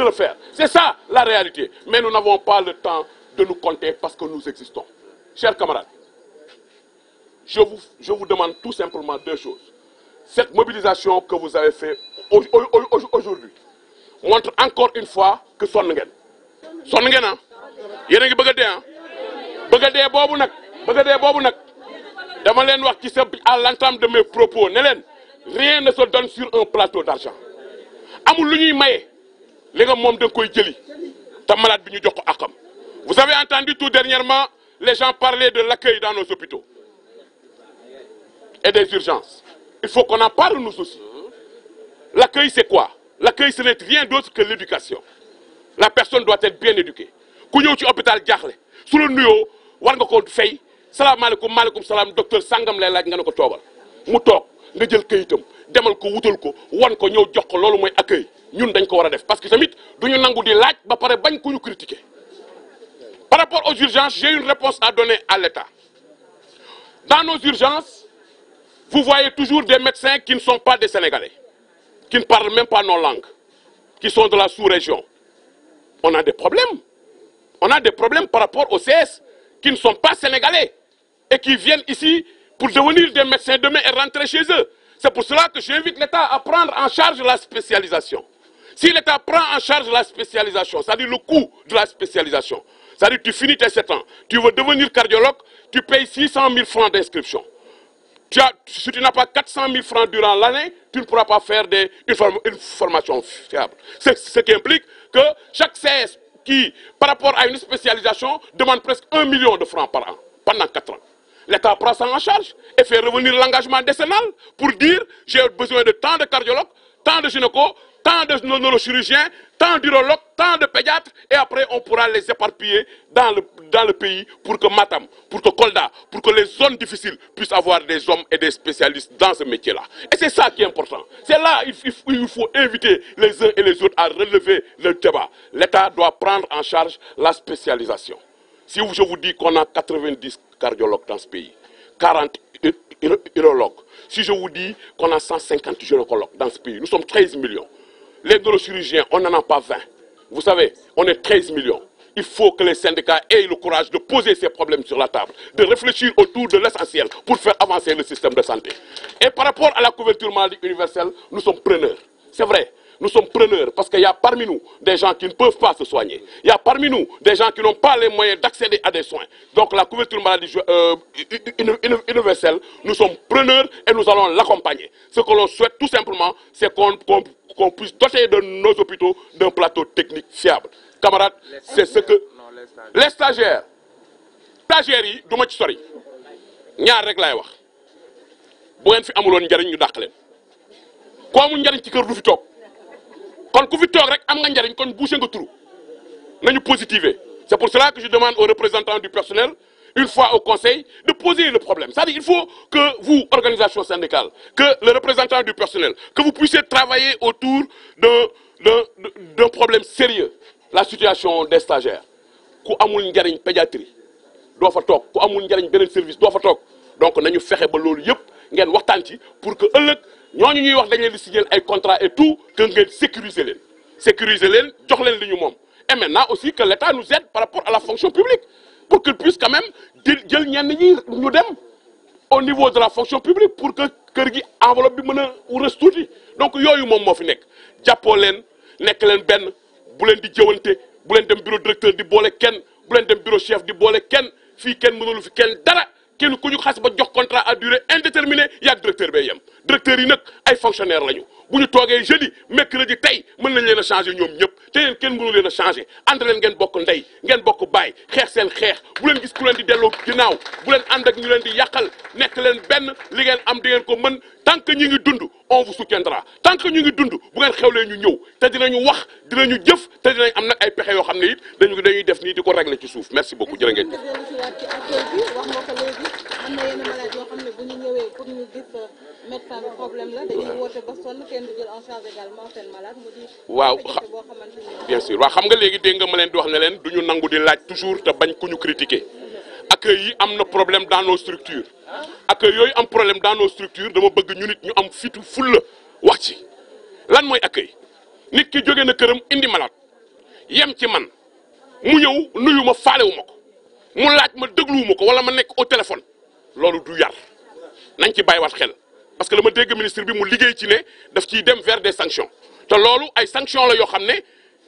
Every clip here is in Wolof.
de le faire. C'est ça la réalité. Mais nous n'avons pas le temps de nous compter parce que nous existons. Chers camarades, je vous, demande tout simplement deux choses. Cette mobilisation que vous avez faite aujourd'hui montre encore une fois que sonn ngeen sonn ngeen ah yéen a ngi bëgg a dee ah bëgg a dee boobu nag bëgg a dee boobu nag dama leen wax ci sa à l'entame de mes propos ne leen rien ne se donne sur un plateau d'argent amul lu ñuy maye li nga moom da koy jëli te malade bi ñu jox ko akam vous avez entendu tout dernièrement les gens parler de l'accueil dans nos hôpitaux et des urgences il faut qu'on en parle nous aussi l'accueil c'est quoi l'accueil ce n'est rien d'autre que l'éducation la personne doit être bien éduquée ku ñëw ci hôpital jaaxle su la nuyoo war nga ko fay salaamaaleykum maaleykum salaam docteur sangam lay laaj nga ne ko toogal mu toog nga jël kayitam demal ko wutal ko wan ko ñëw jox ko loolu mooy accueil ñun dañ ko war a def parce que tamit duñu nangu di laaj ba pare bañ ku ñu critiquer par rapport aux urgences j'ai une réponse à donner à l'État dans nos urgences vous voyez toujours des médecins qui ne sont pas de Sénégalais qui ne parlent même pas nos langues qui sont de la sous-région on a des problèmes on a des problèmes par rapport aux CS qui ne sont pas sénégalais et qui viennent ici pour devenir des médecins demain et rentrer chez eux. C'est pour cela que j'invite l'État à prendre en charge la spécialisation. Si l'État prend en charge la spécialisation, c'est-à-dire le coût de la spécialisation, c'est-à-dire tu finis tes 7 ans, tu veux devenir cardiologue, tu payes 600 000 francs d'inscription. Tu as, si tu n'as pas 400 000 francs durant l'année, tu ne pourras pas faire des, une, form Ce qui implique que chaque CS qui, par rapport à une spécialisation, demande presque 1 million de francs par an, pendant 4 ans. L'État prend ça en charge et fait revenir l'engagement pour dire j'ai besoin de tant de cardiologues, tant de neurochirurgiens, tant d'urologues, tant de pédiatres, dans le, dans le pays pour Matam, pour que Kolda, pour que les zones difficiles puissent avoir des hommes et des spécialistes dans ce métier-là. Et c'est ça qui est important. à relever le débat. prendre en charge la spécialisation. Si je vous dis qu'on a 90 cardiologues dans ce pays, si je vous dis qu'on a 150 gynécologues dans Les neurochirurgiens, on n'en a pas 20. Vous savez, on est millions. Il faut que les syndicats aient le courage de poser ces problèmes sur la table, de réfléchir autour de l'essentiel pour faire avancer le système de santé. Et par rapport à la couverture maladie universelle, nous sommes preneurs. C'est vrai, nous sommes preneurs parce qu'il y a parmi nous des gens qui ne peuvent pas se soigner. Il y a parmi nous des gens qui n'ont pas les moyens d'accéder à des soins. Donc la couverture maladie euh, universelle, nous sommes preneurs et nous allons l'accompagner. Ce que l'on souhaite tout simplement, c'est qu'on qu qu puisse doter de nos hôpitaux d'un plateau technique fiable. Camarades, c'est ce que... Non, les stagiaires. Les stagiaires. yi du ma ci sori ñaar rek laay wax bu ngeen fi amuloon njariñ ñu dàq leen ko kër du fi toog kon ku fi toog rek am nga njariñ kon boucher nga trou nañu positiver c'est pour cela que je demande aux représentants du personnel une fois au conseil de poser le problème c'est-à-dire il faut que vous organisation syndicale que le représentant du personnel que vous puissiez travailler autour d'un problème sérieux la situation des stagiaires ku amul njariñ pédiatrie doo fa toog ku amul njariñ beneen service doo fa toog donc nañu fexe ba loolu yëpp ngeen waxtaan ci pour que ëllëg ñooñu ñuy wax dañ leen di ay contrat et tout que ngeen sécuriser leen leen jox leen li ñu moom et aussi que l'État nous aide par rapport à la fonction publique pour qu'il puisse quand même di jël ñenn ñi ñu dem au niveau de la fonction publique pour que kër gi enveloppe bi mën a rës tuuti donc yooyu moom moo fi nekk jàppoo leen nekk leen benn bu leen di jëwante bu leen dem bureau directeur di boole kenn bu leen dem bureau chef di kenn fii kenn mënalu fi kenn dara kenn ku ñu xas ba jox contrat à durée indéterminée yaag directeur bay yem directeur yi nag ay fonctionnaire lañu bu ñu toogee jeudi mercredi tey mën nañ leen a changé ñoom ñëpp te leen kenn mënu leen a changé ànd leen ngeen bokk ndey ngeen bokk baay xeex seen xeex bu leen gis ku leen di delloo ginnaaw bu leen ànd ak ñu leen di yàqal nekk leen benn li ngeen am di ngeen ko mën tant que ñu ngi dund on vous soutiendra tant que ñu ngi dund bu ngeen xewlee ñu ñëw te dinañu wax dinañu jëf te am nag ay pexe yoo xam ne dañu dañuy def nii di ko régler ci suuf merci beaucoup jërë ngeen am xam ne bu ñu waaw xam nga léegi dégg nga ma leen di wax ne leen du ñu nangu di laaj toujours te bañ ku ñu critiquer accueil yi am na problème dans nos structures accueil yooyu am problème daano nos structures dama bëgg ñu nit ñu am fitu fulla wax ci lan mooy accueil nit ki jóge na këram indi malade yem ci man mu ñëw nuyu ma ko mu laaj ma dégluwu ko wala ma nekk au téléphone loolu du yar nañ ci bàyyiwaat xel parce que la ma dégg ministre bi mu liggéey ci ne daf ciy dem vers des sanctions te loolu ay sanctions la yoo xam ne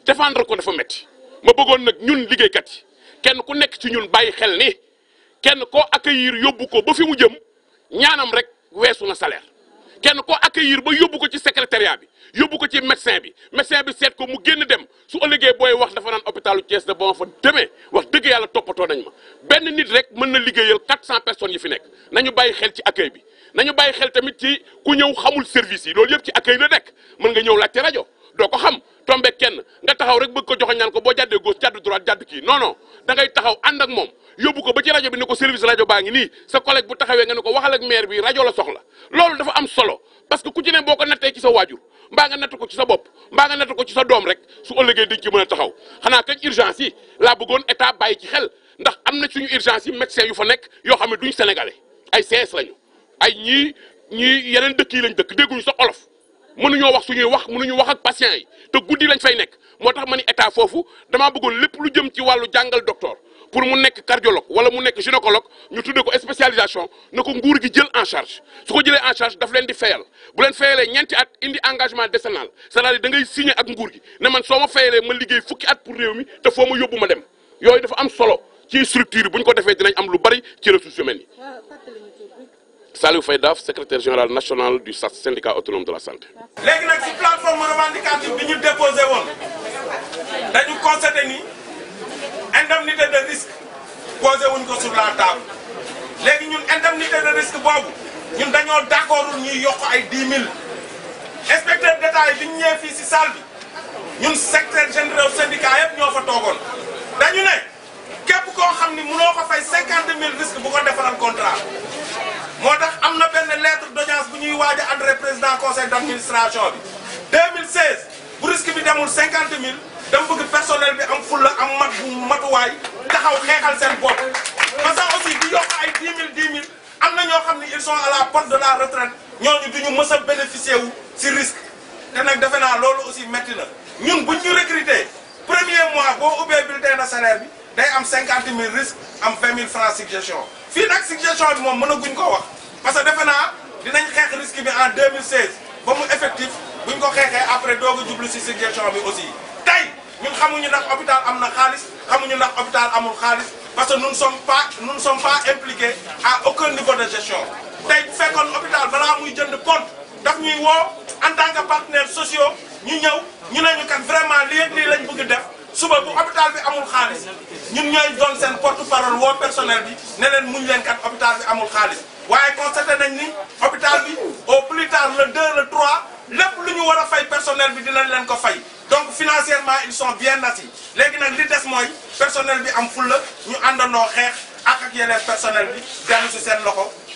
défendre ko dafa métti ma bëggoon nag ñun liggéeykat yi kenn ku nekk ci ñun bàyyi xel ni kenn koo accueillir yóbbu ko ba fi mu jëm ñaanam rek weesu na salaire. kenn koo accueillir ba yóbbu ko ci secrétariat bi yóbbu ko ci médecin bi médecin bi seet ko mu génn dem su ëllëgee booy wax dafa naan hôpitalu Thiès da ba ma fa demee wax dëgg yàlla toppatoo nañ ma benn nit rek mën na liggéeyal 400 personnes yi fi nekk nañu bàyyi xel ci accueil bi nañu bàyyi xel tamit ci ku ñëw xamul service yi loolu yëpp ci accueil la nekk mën nga ñëw laajte rajo doo ko xam tombe kenn nga taxaw rek bëgg ko joxe ñaan ko boo jàddee gauche jàdd droite jàdd kii non non taxaw ànd ak moom yóbbu ko ba ci rajo bi ne ko service rajo baa ngi nii sa collègue bu taxawee nga ne ko waxal ak maire bi rajo la soxla loolu dafa am solo parce que ku ci ne boo ko nattee ci sa waajur mbaa nga natt ko ci sa bopp mbaa nga natt ko ci sa doom rek su ëllëgee dañ ci mën a taxaw xanaa kañ urgence yi laa bëggoon état bàyyi ci xel ndax am na suñu urgence yi médecin yu fa nekk yoo xam ne duñ sénégalais ay CS lañu ay ñii ñii yeneen dëkk yi lañ dëkk dégguñu sa olof mënuñoo wax suñuy wax mënuñu wax ak patient yi te guddi lañ fay nekk moo tax ma ni état foofu damaa bëggoon lépp lu jëm ci wàllu jàngal doctor pour mu nekk cardiologue wala mu nekk gynécologue ñu tuddee ko spécialisation na ko nguur gi jël en charge su ko jëlee en charge daf leen di fayal bu leen fayalee ñeenti at indi engagement décennal c'est-à-dire da ak nguur gi ne man soo ma fayalee ma liggéey fukki at pour réew mi te foo ma yóbbu ma dem yooyu dafa am solo ci structure bu ñu ko defee dinañ am lu bari ci ressources humaines yi. Euh, Saliou Faye secretaire secrétaire général national du SAS syndicat autonome de la santé. indemnité de risque posé wuñ ko sur la léegi ñun indemnité de risque boobu ñun dañoo d'accordul ñuy yokk ay 10 000 inspecteur d'état yi bi ñu ñëwee fii si salle bi ñun secrétaire général syndicat yëpp ñoo fa toogoon dañu ne képp koo xam ni mënoo ko fay 50 000 risque bu ko defaral contrat moo tax am na benn lettre d'audience bu ñuy waaj a adressé président conseil d'administration bi 2016 bu risque bi demul 50 000 dama bëgg personnel bi am fulla am mat matuwaay taxaw xeexal seen bopp parce que aussi di yokk ay 10 000 10 000 am na ñoo xam ne ils sont à la porte de la retraite ñooñu du ñu mës a te nag defe naa loolu aussi métti na ñun bu ñu recruter premier mois boo ubbee bulletin de salaire bi day am cinquante mille risque am vingt mille francs suggestion fii nag suggestion bi moom mën a guñ ko wax parce que defe naa dinañ xeex risque bi en ba mu effectif buñ ko xeexee après doog a jublu si suggestion bi aussi ñun xamuñu ndax hôpital am na xaalis xamuñu ndax hôpital amul xaalis parce que nous ne sommes pas nous ne sommes pas impliqués à aucun niveau de gestion tey bu fekkoon hôpital balaa muy jënd compte daf ñuy woo en tant que partenaires sociaux ñu ñëw ñu ne ñu kat vraiment lii ak lii lañ bëgg def suba bu hôpital bi amul xaalis ñun ñooy doon seen porte parole woo personnel bi ne leen muñ leen kat hôpital bi amul xaalis waaye constaté nañ ni hôpital bi au plus tard le 2 lépp lu ñu war a fay personnel bi dinañ leen ko fay. financièrement ils sont bien nati léegi nag li des mooy personnel bi am fulla ñu àndandoo xeex ak ak yeneen personnel bi dellu si seen loxo